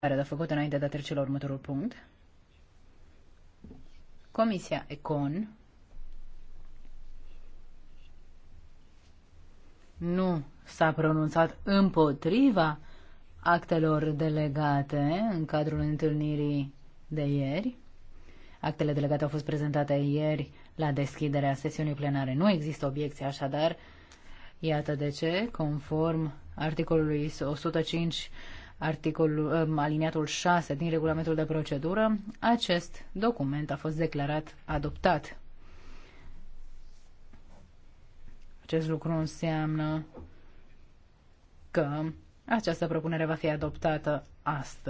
Are de făcut înainte de a trece la următorul punct. Comisia Econ nu s-a pronunțat împotriva actelor delegate în cadrul întâlnirii de ieri. Actele delegate au fost prezentate ieri la deschiderea sesiunii plenare. Nu există obiecții, așadar, iată de ce, conform articolului 105 articolul, um, aliniatul 6 din regulamentul de procedură, acest document a fost declarat adoptat. Acest lucru înseamnă că această propunere va fi adoptată astăzi.